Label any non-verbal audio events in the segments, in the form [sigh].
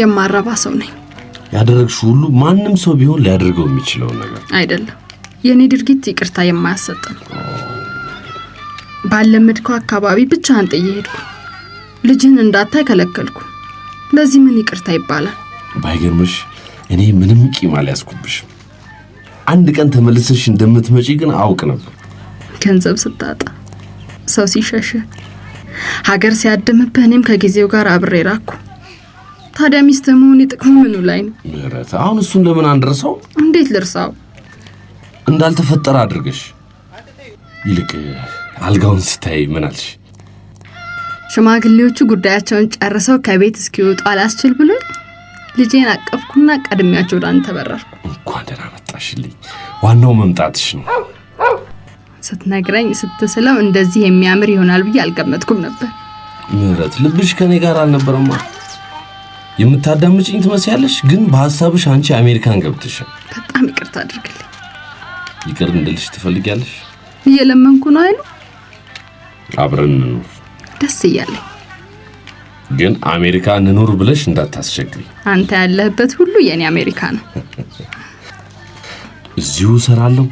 የማረባ ሰው ነኝ። ያደረግሽ ሁሉ ማንም ሰው ቢሆን ሊያደርገው የሚችለው ነገር አይደለም። የእኔ ድርጊት ይቅርታ የማያሰጥ ነው። ባለመድከው አካባቢ ብቻህን ጥዬ ሄድኩ። ልጅህን እንዳታይ ከለከልኩ። ለዚህ ምን ይቅርታ ይባላል? ባይገርምሽ እኔ ምንም ቂም አልያዝኩብሽም። አንድ ቀን ተመልሰሽ እንደምትመጪ ግን አውቅ ነበር። ገንዘብ ስታጣ፣ ሰው ሲሸሸ፣ ሀገር ሲያደምብህ እኔም ከጊዜው ጋር አብሬ ራኩ። ታዲያ ሚስት መሆን ጥቅሙ ምኑ ላይ ነው? ምህረት፣ አሁን እሱን ለምን አንድርሰው? እንዴት ልርሳው? እንዳልተፈጠረ አድርገሽ ይልቅ አልጋውን ስታይ ምን አልሽ? ሽማግሌዎቹ ጉዳያቸውን ጨርሰው ከቤት እስኪወጡ አላስችል ብሎ ልጄን አቀፍኩና ቀድሚያቸው ወደ አንተ በረርኩ። እንኳን ደህና መጣሽልኝ። ዋናው መምጣትሽ ነው። ስትነግረኝ ስትስለው እንደዚህ የሚያምር ይሆናል ብዬ አልገመትኩም ነበር። ምህረት፣ ልብሽ ከኔ ጋር አልነበረማ። የምታዳምጭኝ ትመስያለሽ፣ ግን በሀሳብሽ አንቺ አሜሪካን ገብትሽ። በጣም ይቅርታ አድርግልኝ። ይቅር እንድልሽ ትፈልጊያለሽ? እየለመንኩ ነው አይኑ አብረን እንኑር ደስ እያለኝ፣ ግን አሜሪካ እንኑር ብለሽ እንዳታስቸግሪ። አንተ ያለህበት ሁሉ የኔ አሜሪካ ነው። [laughs] እዚሁ እሰራለሁ።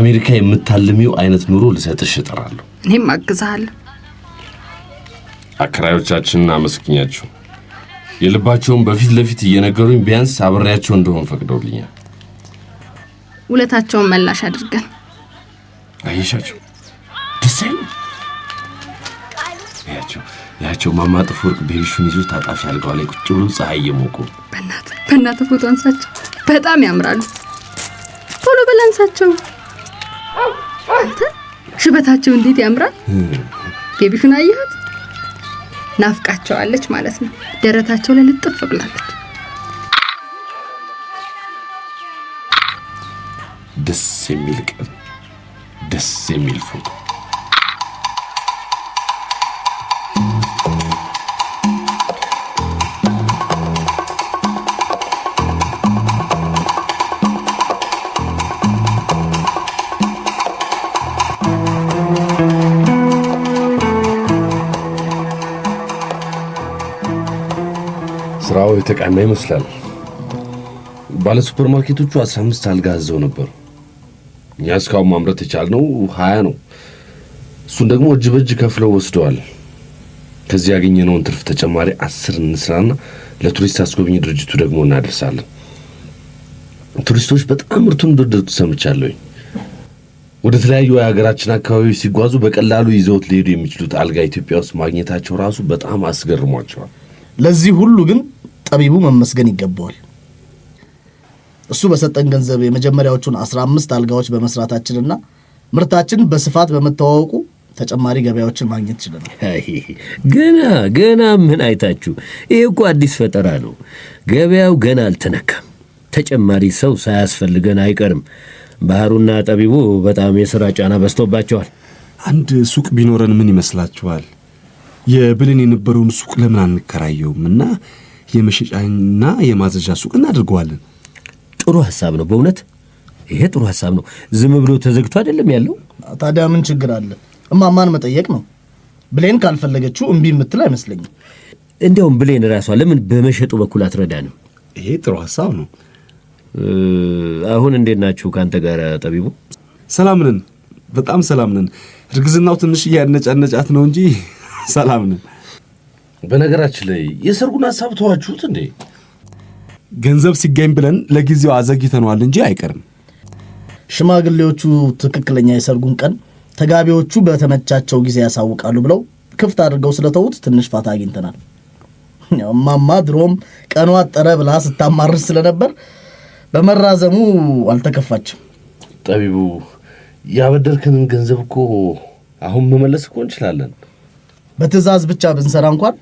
አሜሪካ የምታልሚው አይነት ኑሮ ልሰጥሽ እጥራለሁ። እኔም አግዝሃለሁ። አከራዮቻችንን አመስግኛችሁ የልባቸውን በፊት ለፊት እየነገሩኝ ቢያንስ አብሬያቸው እንደሆን ፈቅደውልኛል። ውለታቸውን መላሽ አድርገን አየሻቸው። ደስ ያቸው ያቸው ማማጥፍ ወርቅ ቤቢሹን ይዞ ታጣፊ አልጋው ላይ ቁጭ ብሎ ፀሐይ እየሞቁ በእናት በእናት ፎቶ አንሳቸው፣ በጣም ያምራሉ። ቶሎ በል አንሳቸው። አንተ ሽበታቸው እንዴት ያምራል! ቤቢሹን አየሃት? ናፍቃቸዋለች ማለት ነው። ደረታቸው ላይ ልጥፍ ብላለች። ደስ የሚል ቀን፣ ደስ የሚል ፎቶ ዋጋው የተቃና ይመስላል። ባለ ሱፐር ማርኬቶቹ አስራ አምስት አልጋ አዘው ነበር። እኛ እስካሁን ማምረት የቻልነው ሀያ ነው። እሱን ደግሞ እጅ በእጅ ከፍለው ወስደዋል። ከዚህ ያገኘነውን ትርፍ ተጨማሪ አስር እንስራና ለቱሪስት አስጎብኝ ድርጅቱ ደግሞ እናደርሳለን። ቱሪስቶች በጣም ምርቱን ድርድር ሰምቻለሁኝ። ወደ ተለያዩ የሀገራችን አካባቢዎች ሲጓዙ በቀላሉ ይዘውት ሊሄዱ የሚችሉት አልጋ ኢትዮጵያ ውስጥ ማግኘታቸው ራሱ በጣም አስገርሟቸዋል። ለዚህ ሁሉ ግን ጠቢቡ መመስገን ይገባዋል። እሱ በሰጠን ገንዘብ የመጀመሪያዎቹን 15 አልጋዎች በመስራታችንና ምርታችን በስፋት በመተዋወቁ ተጨማሪ ገበያዎችን ማግኘት ችለናል። [laughs] ገና ገና ምን አይታችሁ? ይህ እኮ አዲስ ፈጠራ ነው። ገበያው ገና አልተነካም። ተጨማሪ ሰው ሳያስፈልገን አይቀርም። ባህሩና ጠቢቡ በጣም የሥራ ጫና በዝቶባቸዋል። አንድ ሱቅ ቢኖረን ምን ይመስላችኋል? የብልን የነበረውን ሱቅ ለምን አንከራየውም እና የመሸጫና የማዘዣ ሱቅ እናድርገዋለን። ጥሩ ሀሳብ ነው በእውነት ይሄ ጥሩ ሀሳብ ነው። ዝም ብሎ ተዘግቶ አይደለም ያለው። ታዲያ ምን ችግር አለ? እማማን መጠየቅ ነው። ብሌን ካልፈለገችው እምቢ የምትል አይመስለኝም። እንዲያውም ብሌን ራሷ ለምን በመሸጡ በኩል አትረዳንም? ይሄ ጥሩ ሀሳብ ነው። አሁን እንዴት ናችሁ ከአንተ ጋር ጠቢቡ? ሰላም ነን፣ በጣም ሰላም ነን። እርግዝናው ትንሽ እያነጫነጫት ነው እንጂ ሰላም ነን። በነገራችን ላይ የሰርጉን ሀሳብ ተዋችሁት እንዴ? ገንዘብ ሲገኝ ብለን ለጊዜው አዘግይተነዋል እንጂ አይቀርም። ሽማግሌዎቹ ትክክለኛ የሰርጉን ቀን ተጋቢዎቹ በተመቻቸው ጊዜ ያሳውቃሉ ብለው ክፍት አድርገው ስለተዉት ትንሽ ፋታ አግኝተናል። እማማ ድሮም ቀኗ አጠረ ብላ ስታማርስ ስለነበር በመራዘሙ አልተከፋችም። ጠቢቡ፣ ያበደርክንን ገንዘብ እኮ አሁን መመለስ እኮ እንችላለን። በትዕዛዝ ብቻ ብንሰራ እንኳን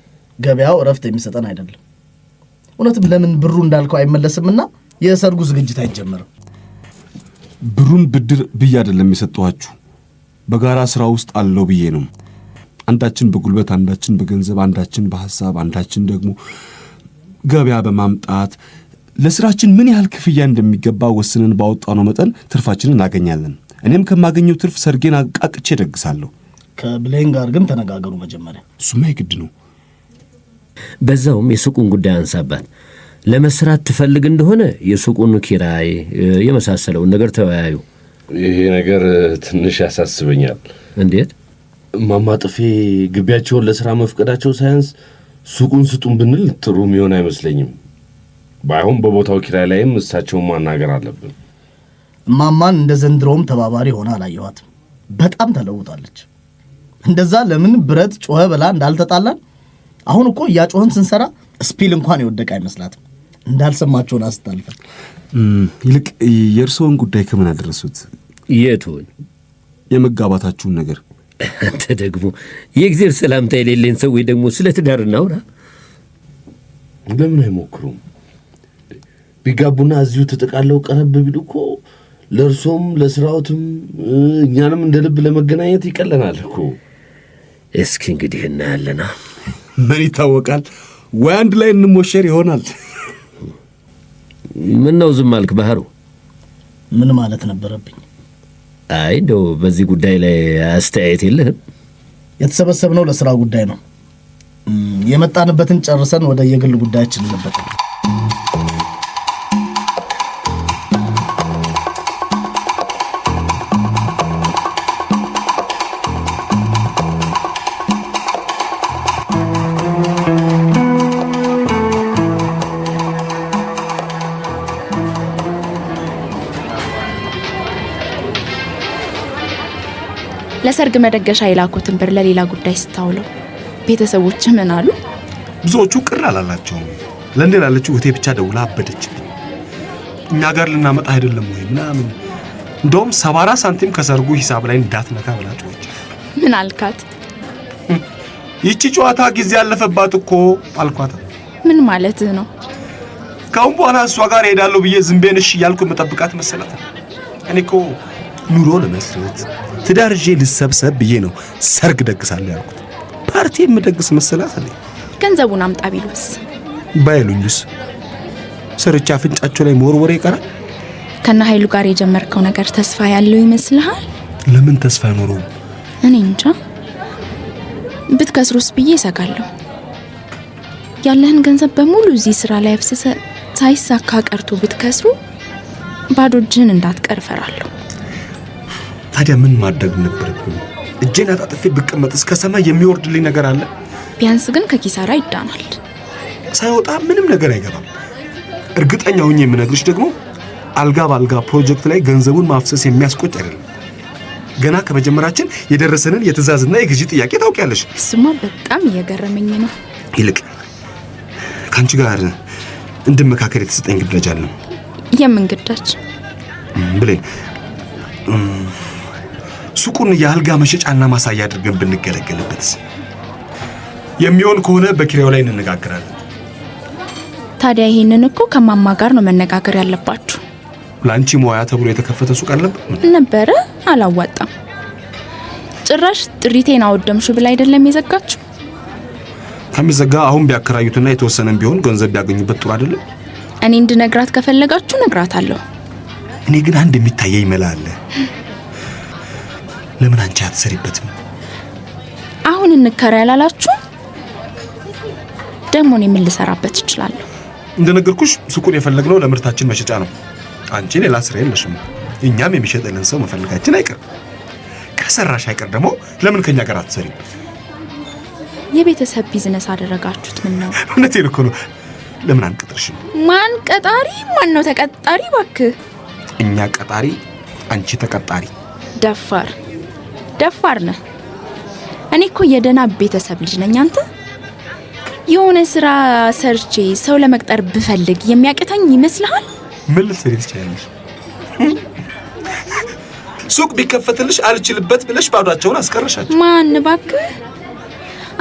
ገበያው እረፍት የሚሰጠን አይደለም። እውነትም ለምን ብሩ እንዳልከው አይመለስምና የሰርጉ ዝግጅት አይጀመርም። ብሩን ብድር ብዬ አይደለም የሰጠኋችሁ፣ በጋራ ስራ ውስጥ አለው ብዬ ነው። አንዳችን በጉልበት አንዳችን በገንዘብ አንዳችን በሐሳብ አንዳችን ደግሞ ገበያ በማምጣት ለስራችን ምን ያህል ክፍያ እንደሚገባ ወስነን ባወጣነው መጠን ትርፋችንን እናገኛለን። እኔም ከማገኘው ትርፍ ሰርጌን አቃቅቼ ደግሳለሁ ከብሌን ጋር ግን ተነጋገሩ መጀመሪያ። እሱማ የግድ ነው። በዛውም የሱቁን ጉዳይ አንሳባት። ለመስራት ትፈልግ እንደሆነ የሱቁን ኪራይ የመሳሰለውን ነገር ተወያዩ። ይሄ ነገር ትንሽ ያሳስበኛል። እንዴት ማማጥፌ ጥፌ ግቢያቸውን ለስራ መፍቀዳቸው ሳያንስ ሱቁን ስጡን ብንል ጥሩ የሚሆን አይመስለኝም። ባይሆን በቦታው ኪራይ ላይም እሳቸውን ማናገር አለብን። እማማን እንደ ዘንድሮውም ተባባሪ ሆና አላየኋትም። በጣም ተለውጣለች። እንደዛ ለምን ብረት ጮኸ ብላ እንዳልተጣላን አሁን እኮ እያጮህን ስንሰራ ስፒል እንኳን የወደቀ አይመስላትም። እንዳልሰማቸውን አስታልፈ ይልቅ የእርስዎን ጉዳይ ከምን አደረሱት? የቱን? የመጋባታችሁን ነገር። አንተ ደግሞ የእግዜር ሰላምታ የሌለን ወይ ደግሞ ስለ ትዳር እናውራ። ለምን አይሞክሩም? ቢጋቡና እዚሁ ተጠቃለው ቀረብ ቢሉ እኮ ለእርሶም ለስራዎትም እኛንም እንደ ልብ ለመገናኘት ይቀለናል እኮ። እስኪ እንግዲህ እናያለና ምን ይታወቃል ወይ አንድ ላይ እንሞሸር ይሆናል። ምን ነው ዝም አልክ ባህሩ? ምን ማለት ነበረብኝ? አይ እንደው በዚህ ጉዳይ ላይ አስተያየት የለህም? የተሰበሰብነው ለስራ ጉዳይ ነው። የመጣንበትን ጨርሰን ወደ የግል ጉዳያችን እንበጣል። ለሰርግ መደገሻ የላኩትን ብር ለሌላ ጉዳይ ስታውለው ቤተሰቦች ምን አሉ? ብዙዎቹ ቅር አላላቸውም። ለእንዴ ላለችው እህቴ ብቻ ደውላ አበደችብኝ። እኛ ጋር ልናመጣ አይደለም ወይ ምናምን፣ እንደውም ሰባራ ሳንቲም ከሰርጉ ሂሳብ ላይ እንዳትነካ ብላቸዎች። ምን አልካት? ይቺ ጨዋታ ጊዜ ያለፈባት እኮ አልኳት። ምን ማለትህ ነው? ከአሁን በኋላ እሷ ጋር እሄዳለሁ ብዬ ዝምቤን እሺ እያልኩ የምጠብቃት እኔ እኮ ኑሮ ለመስረት ትዳር ይዤ ልሰብሰብ ብዬ ነው ሰርግ ደግሳለሁ ያልኩት። ፓርቲ የምደግስ መሰላት አለኝ። ገንዘቡን አምጣ ቢሉስ ባይሉኝስ ሰርቻ አፍንጫቸው ላይ መወርወር ይቀራል። ከነ ኃይሉ ጋር የጀመርከው ነገር ተስፋ ያለው ይመስልሃል? ለምን ተስፋ አይኖረውም? እኔ እንጃ። ብትከስሩስ ብዬ እሰጋለሁ። ያለህን ገንዘብ በሙሉ እዚህ ስራ ላይ አፍስሰ ሳይሳካ ቀርቶ ብትከስሩ ባዶ እጅህን እንዳትቀር እፈራለሁ። ታዲያ ምን ማድረግ ነበረብኝ? እጄን አጣጥፌ ብቀመጥ እስከ ሰማይ የሚወርድልኝ ነገር አለ? ቢያንስ ግን ከኪሳራ ይዳናል። ሳይወጣ ምንም ነገር አይገባም። እርግጠኛ ሆኜ የምነግርሽ ደግሞ አልጋ በአልጋ ፕሮጀክት ላይ ገንዘቡን ማፍሰስ የሚያስቆጭ አይደለም። ገና ከመጀመራችን የደረሰንን የትዕዛዝና የግዢ ጥያቄ ታውቂያለሽ። እሱማ በጣም እየገረመኝ ነው። ይልቅ ከአንቺ ጋር እንድመካከል የተሰጠኝ ግዳጅ አለ። የምን ግዳጅ ብሌን? ሱቁን የአልጋ መሸጫና ማሳያ አድርገን ብንገለገልበት የሚሆን ከሆነ በኪራዩ ላይ እንነጋገራለን። ታዲያ ይህንን እኮ ከማማ ጋር ነው መነጋገር ያለባችሁ። ለአንቺ መዋያ ተብሎ የተከፈተ ሱቅ አለ ነበረ አላዋጣም። ጭራሽ ጥሪቴን አወደምሹ ብላ አይደለም የዘጋችሁ። ከሚዘጋ አሁን ቢያከራዩትና የተወሰነን ቢሆን ገንዘብ ቢያገኙበት ጥሩ አይደለም። እኔ እንድነግራት ከፈለጋችሁ ነግራት አለሁ። እኔ ግን አንድ የሚታየኝ መላ አለ። ለምን አንቺ አትሰሪበትም? አሁን እንከራ ያላላችሁ ደግሞ እኔ ምን ልሰራበት እችላለሁ? እንደነገርኩሽ ሱቁን የፈለግነው ለምርታችን መሸጫ ነው። አንቺ ሌላ ስራ የለሽም። እኛም የሚሸጥልን ሰው መፈልጋችን አይቀርም። ከሰራሽ አይቀር ደግሞ ለምን ከኛ ጋር አትሰሪም? የቤተሰብ ቢዝነስ አደረጋችሁት? ምን ነው? እውነቴን እኮ ነው። ለምን አንቀጥርሽም? ማን ቀጣሪ? ማን ነው ተቀጣሪ? እባክህ እኛ ቀጣሪ፣ አንቺ ተቀጣሪ። ደፋር ደፋር ነህ። እኔ እኮ የደህና ቤተሰብ ልጅ ነኝ። አንተ የሆነ ስራ ሰርቼ ሰው ለመቅጠር ብፈልግ የሚያቅተኝ ይመስልሃል? ምን ልትሰሪ ትችላለሽ? ሱቅ ቢከፈትልሽ አልችልበት ብለሽ ባዷቸውን አስቀረሻቸው። ማን እባክህ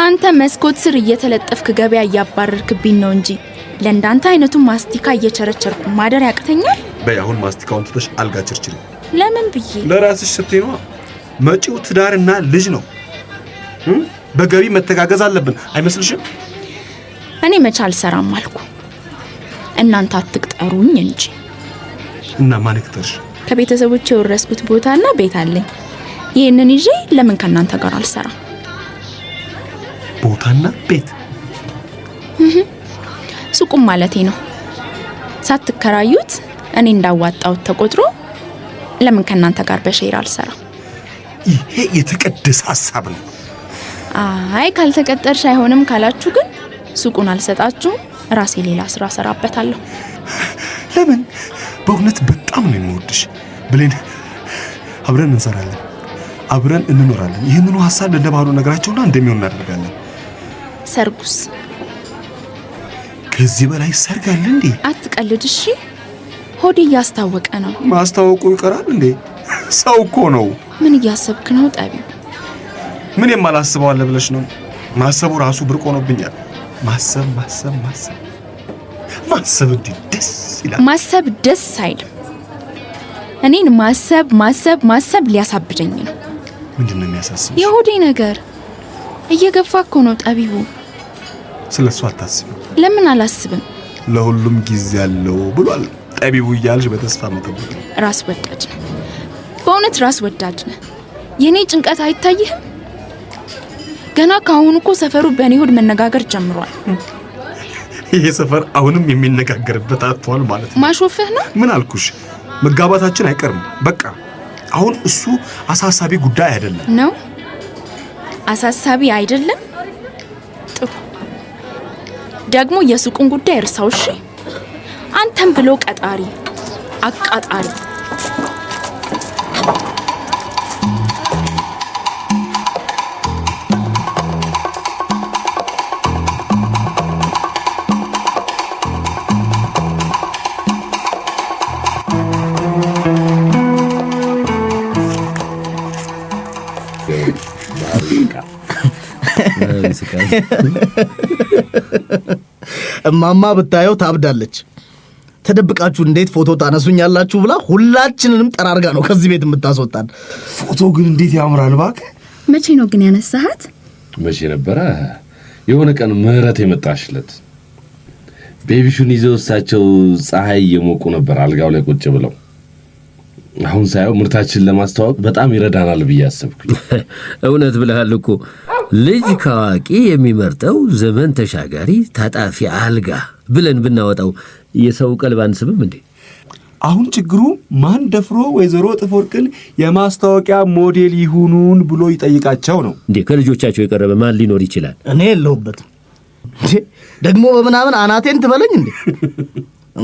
አንተ መስኮት ስር እየተለጠፍክ ገበያ እያባረርክብኝ ነው እንጂ ለእንዳንተ አይነቱ ማስቲካ እየቸረቸርኩ ማደር ያቅተኛል። በይ አሁን ማስቲካውን ትተሽ አልጋ ችርችሪ። ለምን ብዬ ለራስሽ ስትይ ነዋ። መጪው ትዳርና ልጅ ነው። በገቢ መተጋገዝ አለብን አይመስልሽም? እኔ መቼ አልሰራም አልኩ። እናንተ አትቅጠሩኝ እንጂ እና ማን ይቅጠርሽ? ከቤተሰቦች የወረስኩት ቦታና ቤት አለኝ። ይህንን ይዤ ለምን ከእናንተ ጋር አልሰራም? ቦታና ቤት ሱቁም ማለቴ ነው። ሳትከራዩት እኔ እንዳዋጣሁት ተቆጥሮ ለምን ከእናንተ ጋር በሼር አልሰራም? ይሄ የተቀደሰ ሀሳብ ነው። አይ ካልተቀጠርሽ አይሆንም ካላችሁ ግን ሱቁን አልሰጣችሁም። ራሴ ሌላ ስራ ሰራበታለሁ። ለምን? በእውነት በጣም ነው የምወድሽ ብሌን። አብረን እንሰራለን፣ አብረን እንኖራለን። ይህንኑ ሀሳብ ለደባሉ ነገራቸውና እንደሚሆን እናደርጋለን። ሰርጉስ? ከዚህ በላይ ሰርግ አለ እንዴ? አትቀልድ እሺ። ሆዴ እያስታወቀ ነው። ማስታወቁ ይቀራል እንዴ? ሰው እኮ ነው። ምን እያሰብክ ነው ጠቢው? ምን የማላስበው አለ ብለሽ ነው? ማሰቡ ራሱ ብርቅ ሆኖብኛል። ማሰብ ማሰብ ማሰብ ማሰብ እንዲህ ደስ ይላል። ማሰብ ደስ አይልም። እኔን ማሰብ ማሰብ ማሰብ ሊያሳብደኝ ነው። ምንድን ነው የሚያሳስብ? የሆዴ ነገር እየገፋ እኮ ነው ጠቢቡ። ስለ እሱ አታስብም? ለምን አላስብም? ለሁሉም ጊዜ አለው ብሏል ጠቢቡ እያልሽ በተስፋ መጠበቅ ራስ ወዳድ ነው። በእውነት ራስ ወዳድ ነህ። የእኔ ጭንቀት አይታይህም? ገና ከአሁን እኮ ሰፈሩ በእኔ ሆድ መነጋገር ጀምሯል። ይሄ ሰፈር አሁንም የሚነጋገርበት አጥቷል ማለት ነው። ማሾፍህ ነው። ምን አልኩሽ? መጋባታችን አይቀርም። በቃ አሁን እሱ አሳሳቢ ጉዳይ አይደለም። ነው አሳሳቢ አይደለም። ጥሩ ደግሞ የሱቁን ጉዳይ እርሳው። እሺ አንተም ብሎ ቀጣሪ አቃጣሪ [laughs] እማማ ብታየው ታብዳለች። ተደብቃችሁ እንዴት ፎቶ ታነሱኛላችሁ ብላ ሁላችንንም ጠራርጋ ነው ከዚህ ቤት የምታስወጣን። ፎቶ ግን እንዴት ያምራል እባክህ። መቼ ነው ግን ያነሳሃት? መቼ ነበረ? የሆነ ቀን ምህረት የመጣሽለት ቤቢሹን ይዘው እሳቸው ፀሐይ እየሞቁ ነበር አልጋው ላይ ቁጭ ብለው። አሁን ሳየው ምርታችንን ለማስተዋወቅ በጣም ይረዳናል ብዬ አሰብኩኝ። እውነት ብለሃል እኮ ልጅ ከአዋቂ የሚመርጠው ዘመን ተሻጋሪ ታጣፊ አልጋ ብለን ብናወጣው የሰው ቀልብ አንስብም እንዴ? አሁን ችግሩ ማን ደፍሮ ወይዘሮ ጥፍወርቅን የማስታወቂያ ሞዴል ይሁኑን ብሎ ይጠይቃቸው ነው እንዴ? ከልጆቻቸው የቀረበ ማን ሊኖር ይችላል? እኔ የለሁበትም ደግሞ በምናምን አናቴን ትበለኝ እንዴ?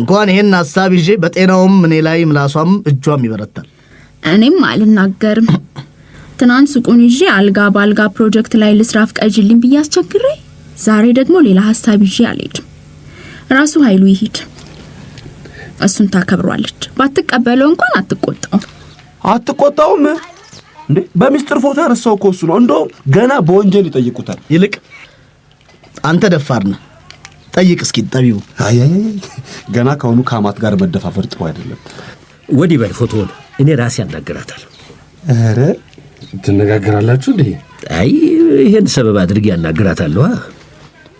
እንኳን ይሄን ሀሳብ ይዤ በጤናውም እኔ ላይ ምላሷም እጇም ይበረታል። እኔም አልናገርም። ትናንት ሱቁን ይዤ አልጋ በአልጋ ፕሮጀክት ላይ ልስራፍ ቀጅልን ብዬ አስቸግሬ፣ ዛሬ ደግሞ ሌላ ሀሳብ ይዤ አልሄድም። ራሱ ኃይሉ ይሂድ፣ እሱን ታከብሯለች። ባትቀበለው እንኳን አትቆጣው። አትቆጣውም እንዴ? በሚስጥር ፎቶ ያነሳው እኮ እሱ ነው። እንደውም ገና በወንጀል ይጠይቁታል። ይልቅ አንተ ደፋርና ጠይቅ እስኪ ጠቢው። አይ ገና ከሆኑ ከአማት ጋር መደፋፈር ጥሩ አይደለም። ወዲህ ባይ ፎቶውን እኔ ራሴ ያናግራታል። ኧረ ትነጋገራላችሁ እንዴ? አይ ይሄን ሰበብ አድርጌ ያናግራታለሁ።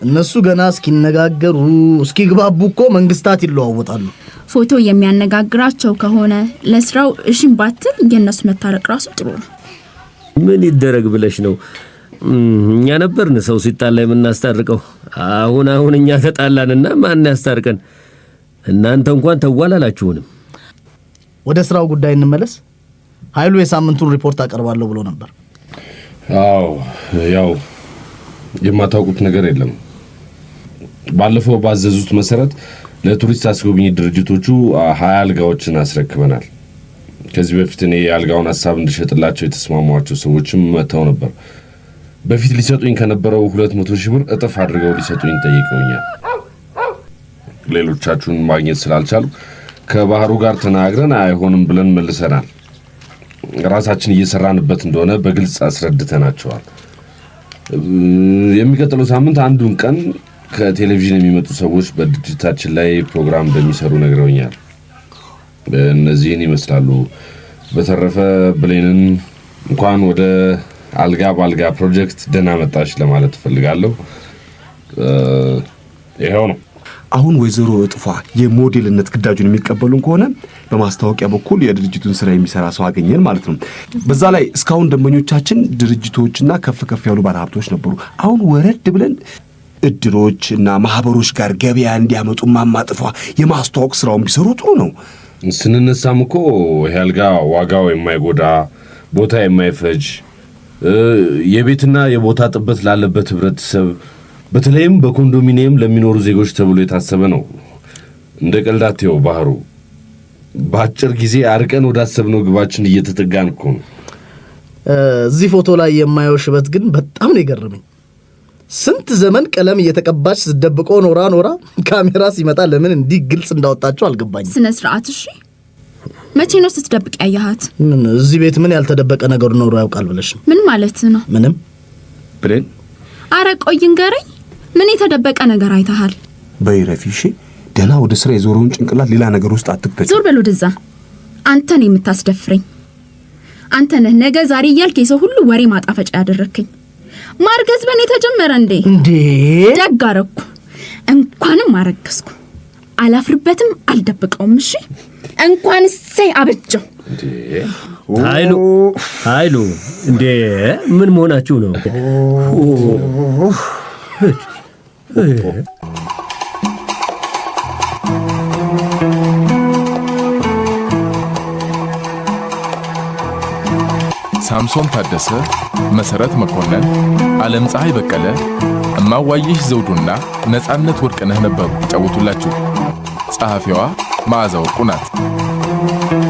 እነሱ ገና እስኪነጋገሩ እስኪግባቡ እኮ መንግስታት ይለዋወጣሉ። ፎቶ የሚያነጋግራቸው ከሆነ ለስራው እሽም ባትል የእነሱ መታረቅ ራሱ ጥሩ ነው። ምን ይደረግ ብለሽ ነው? እኛ ነበርን ሰው ሲጣላ የምናስታርቀው። አሁን አሁን እኛ ተጣላንና ማን ያስታርቀን? እናንተ እንኳን ተዋላላችሁንም። ወደ ስራው ጉዳይ እንመለስ። ኃይሉ የሳምንቱን ሪፖርት አቀርባለሁ ብሎ ነበር። አዎ ያው የማታውቁት ነገር የለም። ባለፈው ባዘዙት መሰረት ለቱሪስት አስጎብኝ ድርጅቶቹ ሀያ አልጋዎችን አስረክበናል። ከዚህ በፊት እኔ የአልጋውን ሀሳብ እንድሸጥላቸው የተስማሟቸው ሰዎችም መጥተው ነበር። በፊት ሊሰጡኝ ከነበረው ሁለት መቶ ሺህ ብር እጥፍ አድርገው ሊሰጡኝ ጠይቀውኛል። ሌሎቻችሁን ማግኘት ስላልቻሉ ከባህሩ ጋር ተናግረን አይሆንም ብለን መልሰናል። ራሳችን እየሰራንበት እንደሆነ በግልጽ አስረድተናቸዋል። የሚቀጥለው ሳምንት አንዱን ቀን ከቴሌቪዥን የሚመጡ ሰዎች በድርጅታችን ላይ ፕሮግራም እንደሚሰሩ ነግረውኛል። እነዚህን ይመስላሉ። በተረፈ ብሌንን እንኳን ወደ አልጋ በአልጋ ፕሮጀክት ደህና መጣሽ ለማለት እፈልጋለሁ። ይኸው ነው። አሁን ወይዘሮ እጥፏ የሞዴልነት ግዳጁን የሚቀበሉን ከሆነ በማስታወቂያ በኩል የድርጅቱን ስራ የሚሰራ ሰው አገኘን ማለት ነው። በዛ ላይ እስካሁን ደንበኞቻችን ድርጅቶችና ከፍ ከፍ ያሉ ባለሀብቶች ነበሩ። አሁን ወረድ ብለን እድሮች እና ማህበሮች ጋር ገበያ እንዲያመጡ ማማጥፏ የማስተዋወቅ ስራውን ቢሰሩ ጥሩ ነው። ስንነሳም እኮ ይሄ አልጋ ዋጋው የማይጎዳ ቦታ የማይፈጅ የቤትና የቦታ ጥበት ላለበት ህብረተሰብ በተለይም በኮንዶሚኒየም ለሚኖሩ ዜጎች ተብሎ የታሰበ ነው። እንደ ቀልዳቴው ባህሩ በአጭር ጊዜ አርቀን ወዳሰብነው ግባችን እየተጠጋን እኮ ነው። እዚህ ፎቶ ላይ የማየው ሽበት ግን በጣም ነው የገረመኝ። ስንት ዘመን ቀለም እየተቀባች ስደብቆ ኖራ ኖራ ካሜራ ሲመጣ ለምን እንዲህ ግልጽ እንዳወጣቸው አልገባኝም። ስነ ስርዓት። እሺ መቼ ነው ስትደብቅ ያየሃት? እዚህ ቤት ምን ያልተደበቀ ነገር ኖሮ ያውቃል ብለሽ ምን ማለት ነው? ምንም ብሌን፣ አረ ቆይ ንገረኝ። ምን የተደበቀ ነገር አይተሃል? በይ ረፊ፣ እሺ። ደህና ወደ ስራ የዞረውን ጭንቅላት ሌላ ነገር ውስጥ አትክተች። ዞር በል ወደዛ። አንተን የምታስደፍረኝ አንተ ነህ። ነገ ዛሬ እያልክ የሰው ሁሉ ወሬ ማጣፈጫ ያደረግከኝ። ማርገዝ በእኔ ተጀመረ እንዴ? እንዴ! ደግ አረግኩ። እንኳንም አረገዝኩ። አላፍርበትም፣ አልደብቀውም። እሺ እንኳን እሰይ አበጀው። ኃይሉ ኃይሉ፣ እንዴ! ምን መሆናችሁ ነው? 예. ሳምሶን ታደሰ፣ መሰረት መኮንን፣ ዓለም ፀሐይ በቀለ፣ እማዋይሽ ዘውዱና ነፃነት ወርቅነህ ነበሩ ይጫወቱላችሁ። ጸሐፊዋ መዓዛ ወርቁ ናት።